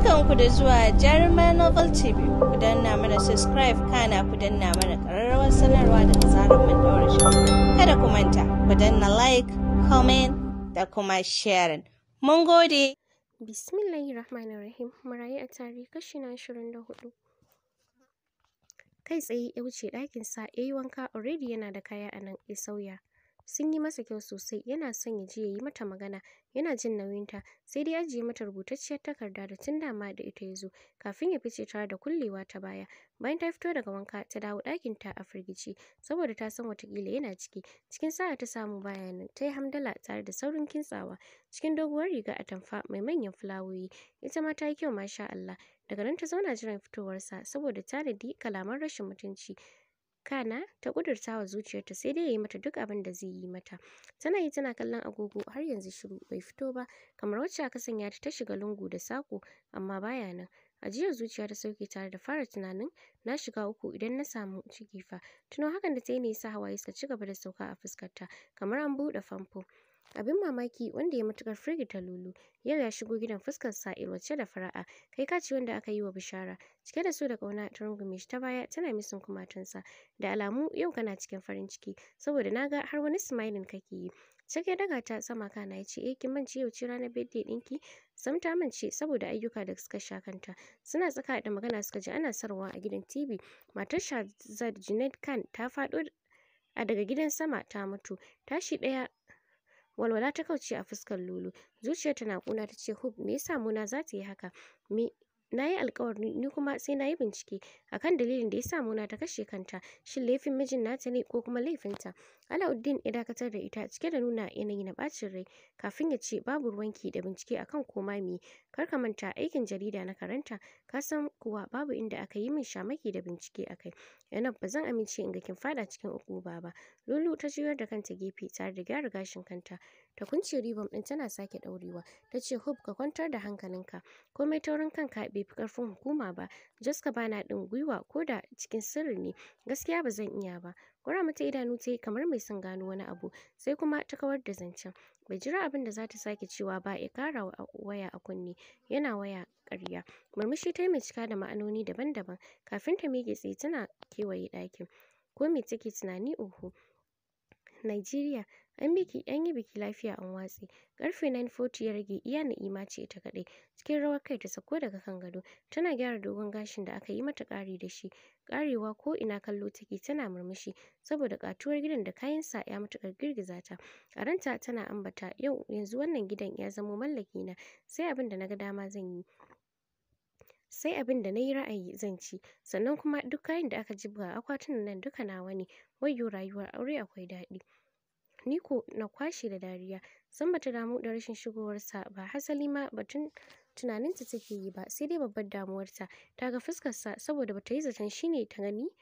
barkanku da zuwa jarumar novel tv ku danna mana subscribe kana ku danna mana ƙararrawar sanarwa da tsarin mun daura shi kada ku manta ku danna like comment da kuma sharing mun gode bismillahir rahim marayi a tare kashi na 24 kai tsaye ya wuce ɗakin sa yayi wanka already yana da kaya a nan ya sauya sun yi masa kyau sosai yana son ya je ya yi mata magana yana jin nauyinta sai dai ajiye mata rubutacciyar takarda da tun dama da ita ya zo kafin ya fice tare da kullewa ta baya bayan ta fito daga wanka ta dawo ɗakin ta a firgici saboda ta san watakila yana ciki cikin sa'a ta samu bayanan ta yi hamdala tare da saurin kintsawa cikin doguwar riga a tamfa mai manyan fulawoyi ita ma ta yi kyau masha Allah daga nan ta zauna jiran fitowarsa saboda tanadi kalaman rashin mutunci Kana ta ƙudurta wa zuciyarta sai dai ya yi mata duk abin da zai yi mata. Tana yi tana kallon agogo har yanzu shiru bai fito ba kamar wacce aka sanya ta ta shiga lungu da sako amma baya nan. Ajiyar zuciya ta sauke tare da fara tunanin na shiga uku idan na samu ciki fa. Tuno hakan da ta yi ne ya sa hawaye suka ci gaba da sauka a fuskarta kamar an buɗe famfo. Abin mamaki wanda ya matukar firgita Lulu, yau ya shigo gidan fuskar sa irwace da fara'a, kai ka ce wanda aka yi wa bishara. Cike da so da kauna ta rungume shi ta baya tana misin kumatunsa. Da alamu yau kana cikin farin ciki saboda na ga har wani smiling kake yi. Sai ya daga ta sama kana ya ce eh kin mance yau ce ranar birthday ɗinki sam ta mance saboda ayyuka da suka sha kanta suna tsaka da magana suka ji ana sarwa a gidan TV matar Shahzad Junaid Khan ta faɗo a daga gidan sama ta mutu tashi ɗaya walwala ta kauce a fuskar lulu zuciyar ta na kuna ta ce hub me yasa muna za ta yi haka me na yi alkawari ni kuma sai na yi bincike akan dalilin da ya sa muna ta kashe kanta shin laifin mijin nata ne ko kuma laifinta alauddin ya dakatar da ita cike da nuna yanayi na bacin rai kafin ya ce babu ruwanki da bincike akan koma me kar ka manta aikin jarida na karanta ka san kuwa babu inda aka yi min shamaki da bincike akai yanab ba zan amince in ga kin fada cikin ukuba ba lulu ta juyar da kanta gefe tare da gyara gashin kanta ta kunce ribom ɗin tana sake ɗaurewa tace ce ka kwantar da hankalinka komai taurin kanka bai fi ƙarfin hukuma ba jaska bana ɗin gwiwa ko da cikin sirri ne gaskiya ba zan iya ba Kura mata idanu ta yi kamar mai son gano wani abu, sai kuma ta kawar da zancen. Bai jira abin da za ta sake cewa ba ya kara waya a kunne, yana waya ƙarya. Murmushi ta yi mai cika da ma'anoni daban-daban, kafin ta miƙe tsaye tana kewaye ɗakin. Ko take tunani oho? Najeriya An biki an yi biki lafiya an watse. karfe 9:40 ya rage iya Na'ima ce ta kaɗai. Cikin rawar kai ta sako daga kan gado. Tana gyara dogon gashin da aka yi mata ƙari da shi. Ƙarewa ko ina kallo take tana murmushi saboda ƙatuwar gidan da kayan sa ya matuƙar girgiza ta. A ranta tana ambata yau yanzu wannan gidan ya zamo mallaki na sai abin da na ga dama zan yi. sai abin da na yi ra'ayi zan ci sannan kuma duk kayan da aka jibga a akwatunan nan duka nawa ne wayyo rayuwar aure akwai daɗi ni na kwashe da dariya san bata damu da rashin shigowarsa ba hasali ma batun tunaninta take yi ba sai dai babbar damuwarta ta ga fuskarsa saboda ba ta yi zaton shine ta gani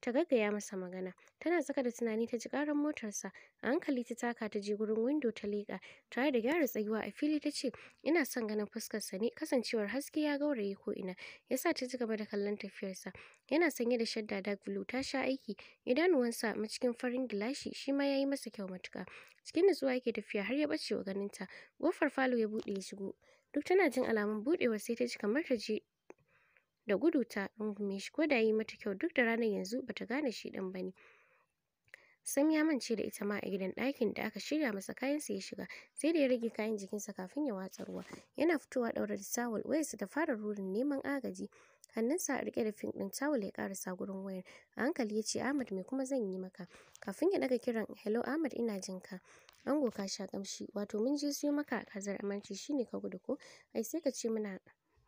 ta gaggaya masa magana tana tsaka da tunani ta ji karan motarsa a hankali ta taka ta je gurin windo ta leƙa tare da gyara tsayuwa a fili ta ce ina son ganin fuskarsa ne kasancewar haske ya gauraye ko ina yasa ta ci gaba da kallon tafiyarsa yana sanye da shadda da bulu ta sha aiki idanuwansa cikin farin gilashi shi ma yayi masa kyau matuka cikin nutsuwa yake tafiya har ya bace wa ganinta gofar falo ya buɗe ya shigo duk tana jin alamun buɗewa sai ta ji kamar ta je da gudu ta rungume shi ko da yi mata kyau duk da ranar yanzu ba ta gane shi ɗin bane Sam ya mance da ita ma a gidan ɗakin da aka shirya masa kayansa ya shiga sai da ya rage kayan jikinsa kafin ya watsa ruwa yana fitowa ɗaure da tawul wayarsa ta fara rurin neman agaji hannunsa a rike da fin ɗin tawul ya karasa gurin wayar a hankali ya ce Ahmad me kuma zan yi maka kafin ya ɗaga kiran hello Ahmad ina jin ka ango ka sha kamshi wato mun je siyo maka kazar aminci shine ka gudu ko ai sai ka ce muna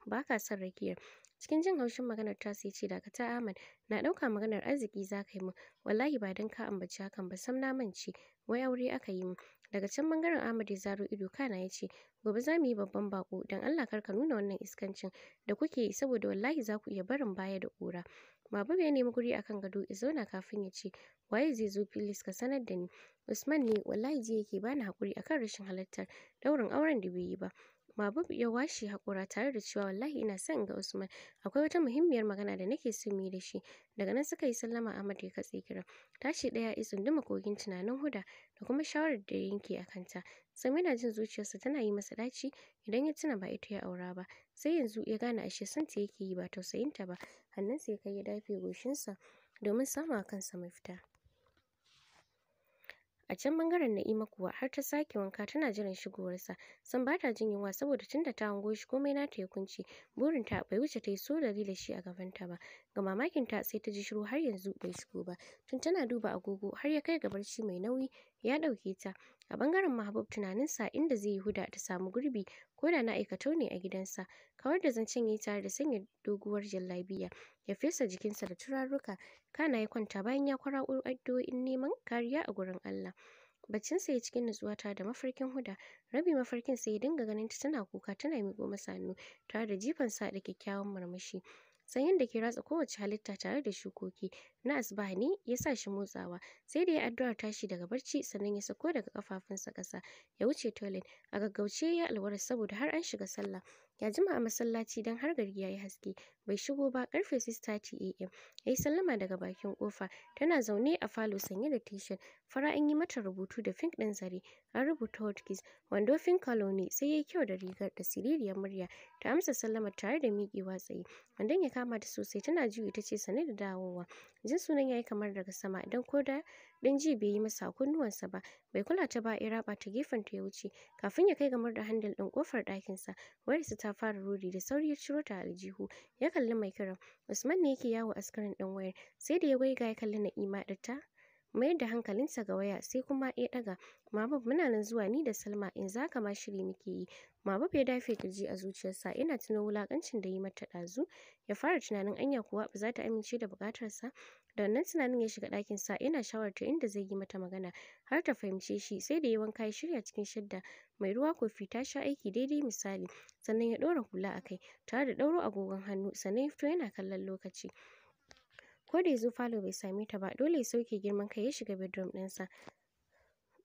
baka son rakiyar Cikin jin haushin maganar tasa ya ce dakata Ahmad na ɗauka maganar arziki za ka yi min wallahi ba dan ka ambaci hakan ba sam na mance wai aure aka yi min. Daga can bangaren Ahmad ya zaro ido kana ya ce gobe za mu yi babban bako dan Allah kar ka nuna wannan iskancin da kuke yi saboda wallahi za ku iya barin baya da ƙura. Baba ya nemi guri akan gado ya zauna kafin ya ce waye zai zo filis ka sanar da ni. Usman ne wallahi jiya yake bani hakuri akan rashin halartar daurin auren da bai yi ba. mabub ya washe haƙora tare da cewa wallahi ina son in ga Usman. Akwai wata muhimmiyar magana da nake so mu yi da shi. Daga nan suka yi sallama Ahmad ya katse kira. Tashi ɗaya ya tsunduma kogin tunanin Huda da kuma shawarar da ya yanke a kanta. Sam yana jin zuciyarsa tana yi masa daci idan ya tuna ba ita ya aura ba. Sai yanzu ya gane ashe santa yake yi ba tausayinta ba. Hannunsa ya kai ya dafe goshinsa domin samu sama kansa mafita. a can bangaren Na'ima kuwa har ta sake wanka tana jiran shigowarsa san ba ta jin yunwa saboda tunda ta hango shi komai nata ya burin burinta bai wuce ta yi so da shi a gabanta ba Ga mamakin ta sai ta ji shiru har yanzu bai shigo ba. Tun tana duba agogo har ya kai ga barci mai nauyi ya dauke ta. A bangaren Mahabub tunanin sa inda zai yi huda ta samu gurbi ko da na aikatau ne a gidansa. Kawar da zancen ya yi tare da sanya doguwar jallabiya ya fesa jikinsa da turaruka. Kana ya kwanta bayan ya kwararo addu'o'in neman kariya a gurin Allah. baccin sa ya cikin nutsuwa tare da mafarkin huda. Rabi mafarkin sai ya dinga ganin ta tana kuka tana miƙo masa hannu tare da jifan sa da kyakkyawan murmushi. san da ke ratsa kowace halitta tare da shukoki na asbaha ne ya sa shi motsawa sai da ya addu'ar tashi daga barci sannan ya sako daga kafafunsa ƙasa ya wuce toilet a gaggauce ya alwara saboda har an shiga sallah ya jima a masallaci don har gari ya yi haske bai shigo ba karfe 6:30 am ya yi sallama daga bakin kofa tana zaune a falo sanye da t fara an yi mata rubutu da fink ɗin zare an rubuta hotkeys wando fink colony sai ya yi kyau da rigar da siririyar murya ta amsa sallama tare da miƙewa tsaye wandon ya kama ta sosai tana juyi ta ce sane da dawowa jin sunan ya yi kamar daga sama don ko da Dan ji bai yi masa kunnuwansa ba, bai kula ta ba ira raba ta gefen ta ya wuce kafin ya kai ga da handle din kofar ɗakin sa. Wayarsa ta fara rudi da sauri ya ciro ta aljihu. Ya kalli mai kiran. Usman ne yake yawo askarin ɗin wayar. Sai da ya waiga ya kalli Na'ima da ta mayar da hankalinsa ga waya sai kuma ya ɗaga mabab muna nan zuwa ni da salma in za ka ma shiri muke yi mabab ya dafe kirji a zuciyarsa yana tunan wulakancin da yi mata ɗazu ya fara tunanin anya kuwa ba za ta amince da buƙatarsa da wannan tunanin ya shiga ɗakin sa yana shawarta inda zai yi mata magana har ta fahimce shi sai da ya wanka ya shirya cikin shadda mai ruwa kofi ta sha aiki daidai misali sannan ya ɗora hula a kai tare da ɗauro agogon hannu sannan ya fito yana kallon lokaci ko da ya falo bai same ta ba dole ya sauke girman kai ya shiga bedroom ɗinsa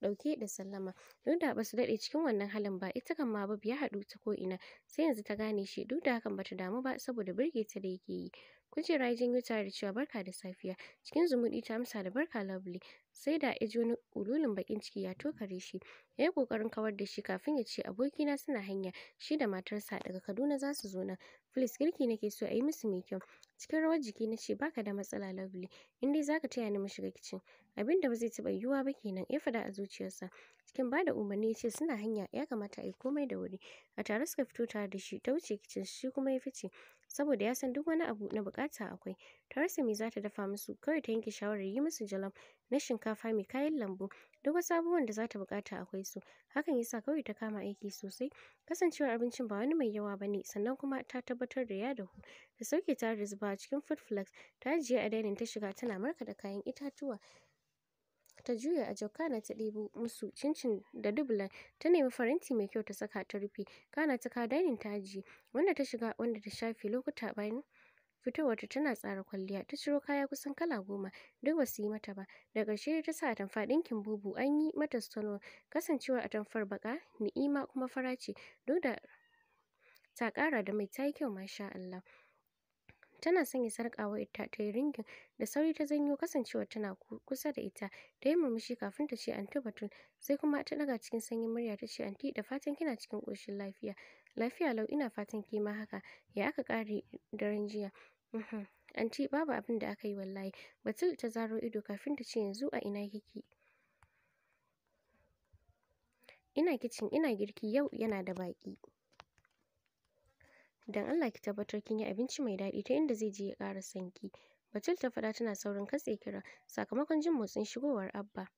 ɗauke da sallama duk da basu dade cikin wannan halin ba ita kan ma babu ya haɗu ta ko ina sai yanzu ta gane shi duk da hakan bata damu ba saboda birge ta da yake yi Kujera ya janyo tare da cewa barka da safiya. Cikin zumuɗi ta amsa da barka lovely. Sai da ya ji wani ululin bakin ciki ya tokare shi. Ya kokarin kawar da shi kafin ya ce abokina suna hanya shi da matarsa daga Kaduna za su zo nan. Please girki nake so a yi musu mai kyau. Cikin rawar jiki na ce baka da matsala lovely in dai zaka taya ni mu shiga kicin. Abin da ba zai taɓa yiwuwa ba kenan ya faɗa a zuciyarsa. Cikin bada umarni ya ce suna hanya ya kamata a yi komai da wuri. A tare suka fito tare da shi ta wuce kicin shi kuma ya fice. saboda ya san duk wani abu na bukata akwai tarasa me za ta dafa musu kawai ta yanke shawarar yi musu jalam na shinkafa mai kayan lambu duk wasu abubuwan da za ta bukata akwai su hakan ya sa kawai ta kama aiki sosai kasancewar abincin ba wani mai yawa ba ne sannan kuma ta tabbatar da ya dahu ta sauke ta da zuba cikin food flux ta ajiye a dainin ta shiga tana markaɗa kayan itatuwa ta juya a jau kana ta ɗebo musu cincin da dubulan ta nemi faranti mai kyau ta saka ta rufe kana ta ka dainin ta ajiye wanda ta shiga wanda ta shafe lokuta bayan fitowarta tana tsara kwalliya ta ciro kaya kusan kala goma duk ba yi mata ba da ƙarshe ta sa atamfa ɗinkin bubu an yi mata sano kasancewar atamfar baka ni'ima kuma fara ce duk da ta ƙara da mai ta yi kyau masha Allah tana sanya sarkawa ita ta yi ringin da sauri ta zanyo kasancewa tana kusa da ita ta yi murmushi kafin ta ce anti batun sai kuma ta daga cikin sanyin murya ta ce anti da fatan kina cikin ƙoshin lafiya lafiya lau ina fatan ki ma haka ya aka ƙare daren jiya uhm, anti babu abin da aka yi wallahi batul ta zaro ido kafin ta ce yanzu a ina kike ina kicin ina girki yau yana da baƙi dan Allah ki tabbatar kin yi abinci mai daɗi ta inda zai je ya ƙara sanki Batul ta faɗa tana saurin katse kira sakamakon jin motsin shigowar Abba.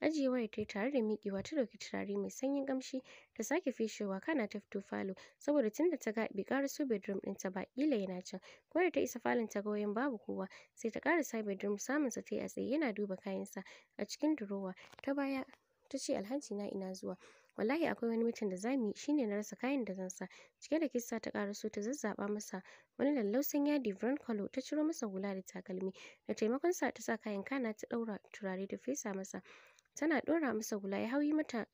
Ajiye wayar ta tare da miƙewa ta ɗauki turare mai sanyin ƙamshi ta sake fishewa kana ta fito falo saboda tunda ta ga bai ƙaraso bedroom ta ba ƙila yana can. Wayar ta isa falon ta ga babu kowa sai ta ƙarasa bedroom samun ta yi a tsaye yana duba kayansa a cikin durowa ta baya ta ce alhaji na ina zuwa wallahi akwai wani mutum da zamu yi shine na rasa kayan da zan sa cike da kissa ta karaso ta zazzaba masa wani lallausan yadi brown color ta ciro masa hula da takalmi da taimakon sa ta sa kayan kana ta ɗaura turare da fesa masa tana ɗora masa hula ya hauyi mata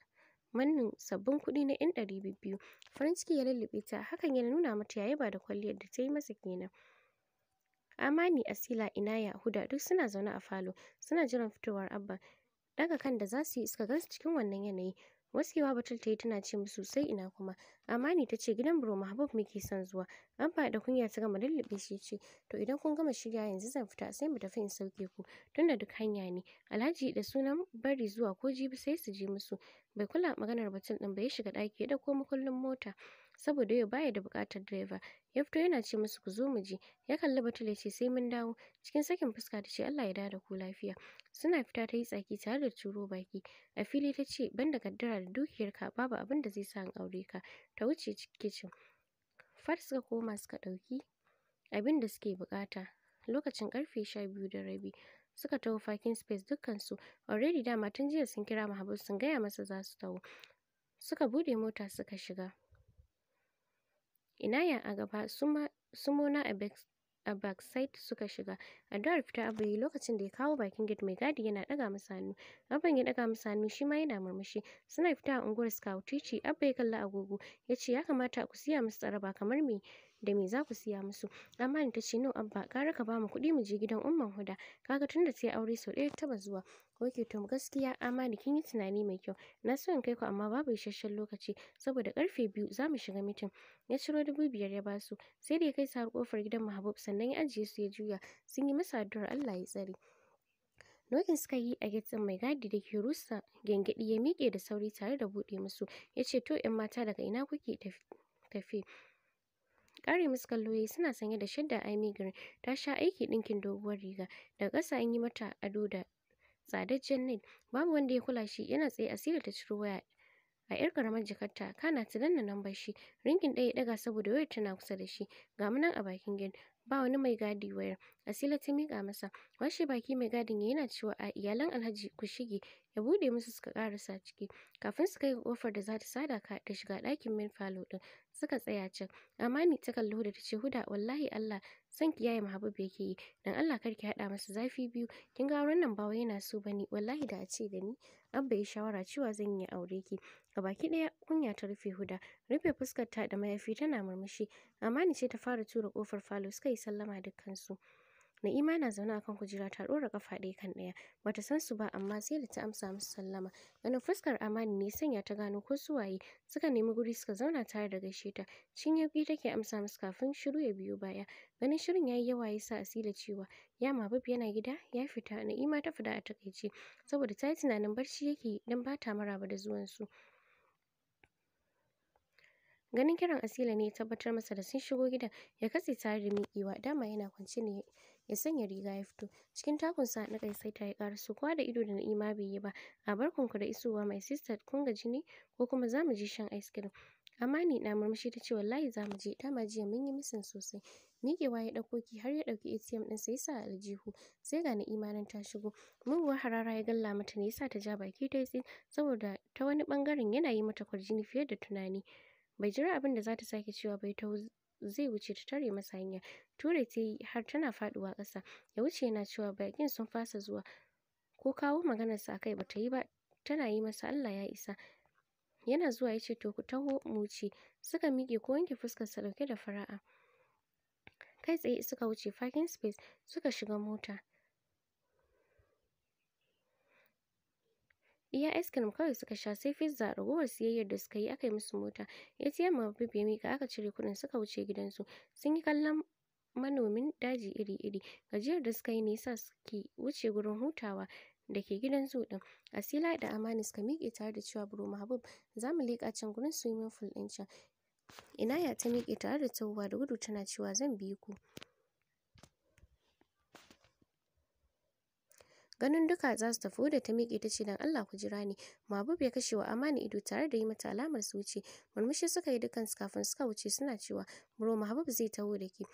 mannin sabbin kuɗi na yan ɗari biyu farin ciki ya lulluɓe ta hakan ya nuna mata ya ba da kwalliyar da ta yi masa kenan amani asila inaya huda duk suna zaune a falo suna jiran fitowar abba ɗaga kan da za su yi suka gansu cikin wannan yanayi wasu yawa batul ta yi tana ce musu sai ina kuma. Amani ta ce gidan buro Mahabub muke son zuwa. An da kunya ta gama lullube shi ce to idan kun gama shirya yanzu zan fita sai mu tafi in sauke ku tunda duk hanya ne. Alhaji da sunan bari zuwa ko jibi sai su je musu. Bai kula maganar batul din ba ya shiga ɗaki ya ɗauko makullin mota saboda yau baya da bukatar direba ya fito yana ce musu ku zo mu je ya kalli batul ya ce sai mun dawo cikin sakin fuska ta ce Allah ya da ku lafiya suna fita ta yi tsaki tare da turo baki a fili ta ce banda kaddara da dukiyarka babu abin da zai sa in aure ka ta wuce kicin far suka koma suka dauki abin da suke bukata. lokacin karfe sha biyu da rabi suka taho fakin space dukkansu already dama tun jiya sun kira mahabus sun gaya masa za su taho suka bude mota suka shiga ina ya? a gaba Sumona a backside suka shiga. Addu'ar fita Abba yi lokacin da ya kawo bakin gate mai gadi yana daga masa hannu. Abban ya daga masa hannu shi ma yana murmushi. Suna fita a unguwar scout ce titi Abba ya kalla agogo ya ce ya kamata ku siya musu tsaraba kamar me da me za ku siya musu. Amani ta ce no Abba gara ka ba mu kuɗi mu je gidan Umman Huda. Kaga tunda ta yi aure sau ɗaya ta taɓa zuwa. Ok to gaskiya Amani kin yi tunani mai kyau. Na so in kai ku amma babu isasshen lokaci saboda karfe biyu za mu shiga mitin. Ya ciro dubu biyar ya basu sai da ya kai sa kofar gidan Mahabub sannan ya ajiye su ya juya sun yi masa addu'ar Allah ya tsare. Nokin suka yi a gitsin mai gadi da ke rusa gyangyaɗi ya miƙe da sauri tare da buɗe musu. Ya ce to ‘yan mata daga ina kuke tafi? kare musu kalloyi suna sanye da shadda Amy Green ta sha aiki ɗinkin doguwar riga daga ƙasa an yi mata ado da tsadaccen Ned babu wanda ya kula shi yana tsaye Asira ta ciro waya a yar karamar jakarta kana ta danna lambar shi ringin ɗaya ya ɗaga saboda wayar tana kusa da shi ga mu nan a bakin gate ba wani mai gadi wayar Asila ta miƙa masa. Washe baki mai gadin ya yana cewa a iyalan Alhaji ku shige ya bude musu suka karasa ciki. Kafin su kai kofar da za ta sada ka da shiga ɗakin min falo ɗin suka tsaya can. Amani ta kalli Huda ta ce Huda wallahi Allah san kiyaye Mahabub ke yi dan Allah kar ki haɗa masa zafi biyu kin ga auren nan ba wai yana so ni wallahi da a ce da ni Abba ya shawara cewa zan yi aure ki. baki ɗaya kunya ta rufe Huda rufe fuskar ta da mayafi tana murmushi Amani ce ta fara tura kofar falo suka yi sallama dukkansu. su. Na'ima na zaune akan kujera ta ɗora ƙafa ɗaya kan ɗaya. Bata san su ba amma sai da ta amsa musu sallama. Ganin fuskar Amani ne sanya ta gano ko su waye. Suka nemi guri suka zauna tare da gaishe ta. Cin yauƙi take amsa musu kafin shiru ya biyo baya. Ganin shirin yayi yawa ya sa Asila cewa ya babu yana gida ya fita. Na'ima ta fada a takaice saboda ta yi tunanin barci yake dan bata maraba da zuwan su. Ganin kiran Asila ne tabbatar masa da sun shigo gidan ya katse tare da miƙewa dama yana kwance ne ya sanya riga ya fito cikin takun sa na kai sai ta yi su kowa da ido da na'ima bai yi ba a barkunku da isowa my sister kun gaji ne ko kuma za mu je shan ice cream amma ni na murmushi ta ce wallahi za mu je dama jiya mun yi misin sosai miƙewa ya ɗauko ki har ya dauki atm din sai sa aljihu sai ga na'ima nan ta shigo muguwar harara ya galla mata ne yasa ta ja baki ta tsin saboda ta wani bangaren yana yi mata kwarjini fiye da tunani bai jira abin da za ta sake cewa bai ta zai wuce ta tare masa hanya ture ta yi har tana faduwa ƙasa ya wuce yana cewa bakin sun fasa zuwa ko kawo maganarsa akai bata yi ba tana yi masa Allah ya isa yana zuwa yace ce to ku taho mu ce suka miƙe ko wanke fuskar sa dauke da fara'a kai tsaye suka wuce parking space suka shiga mota iya iskan kawai suka sha sai fizza a ragowar siyayyar da suka yi aka yi musu mota ATM Habib ya mika aka cire kuɗin suka wuce gidansu sun yi kallon manomin daji iri-iri gajiyar da suka yi nisa suke wuce gurin hutawa da ke gidan su din Asila da Amani suka miƙe tare da cewa buru Mahbub za mu leƙa can gurin swimming pool ɗin can ina ya ta miƙe tare da tsohuwa da gudu tana cewa zan bi ku ganin duka za su tafi da ta miƙe ta ce dan Allah ku jira ni mabub ya kashe wa amani ido tare da yi mata alamar su wuce murmushi suka yi dukansu kafin suka wuce suna cewa bro mabub zai taho da ke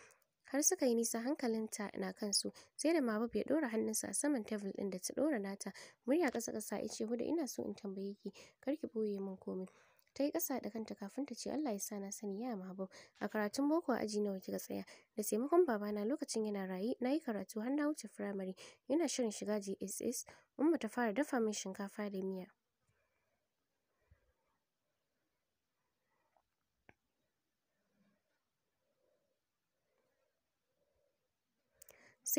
har suka yi nisa hankalinta na kansu sai da mabub ya dora hannunsa a saman tebul din da ta dora nata murya ƙasa ƙasa ya ce hudu ina so in tambaye ki kar ki boye min komai ta yi ƙasa da kanta kafin ta ce Allah ya sa na sani ya mahabub a karatun boko a aji nawa kika tsaya da taimakon babana lokacin yana rayu na yi karatu har na wuce firamare yana shirin shiga JSS umma ta fara dafa min shinkafa da miya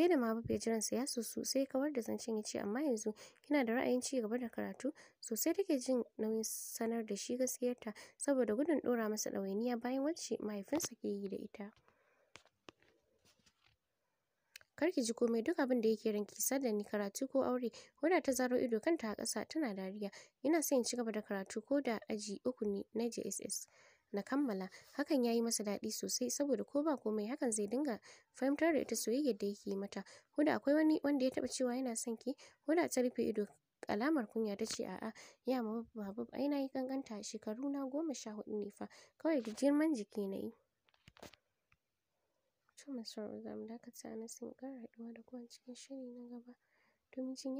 sai da ma jiran sa ya soso sai kawar da zancen ya ce amma yanzu kina da ra'ayin ci gaba da karatu sosai take jin nauyin sanar da shi gaskiyarta saboda gudun ɗora masa ɗawainiya bayan wacce mahaifinsa ke yi da ita. kar ki ji komai duk abin da yake ranki sada ni karatu ko aure koda ta zaro ido kanta a ƙasa tana dariya ina son in ci gaba da karatu ko da aji uku ne na JSS na kammala hakan yayi masa daɗi sosai saboda ko ba komai hakan zai dinga fahimtar da ita soyayyar da yake mata huda akwai wani wanda ya taɓa cewa yana son ki huda ta rufe ido alamar kunya ta ce a'a ya ma babu ai na yi kankanta shekaru na goma sha hudu ne fa kawai da girman jiki na yi na kara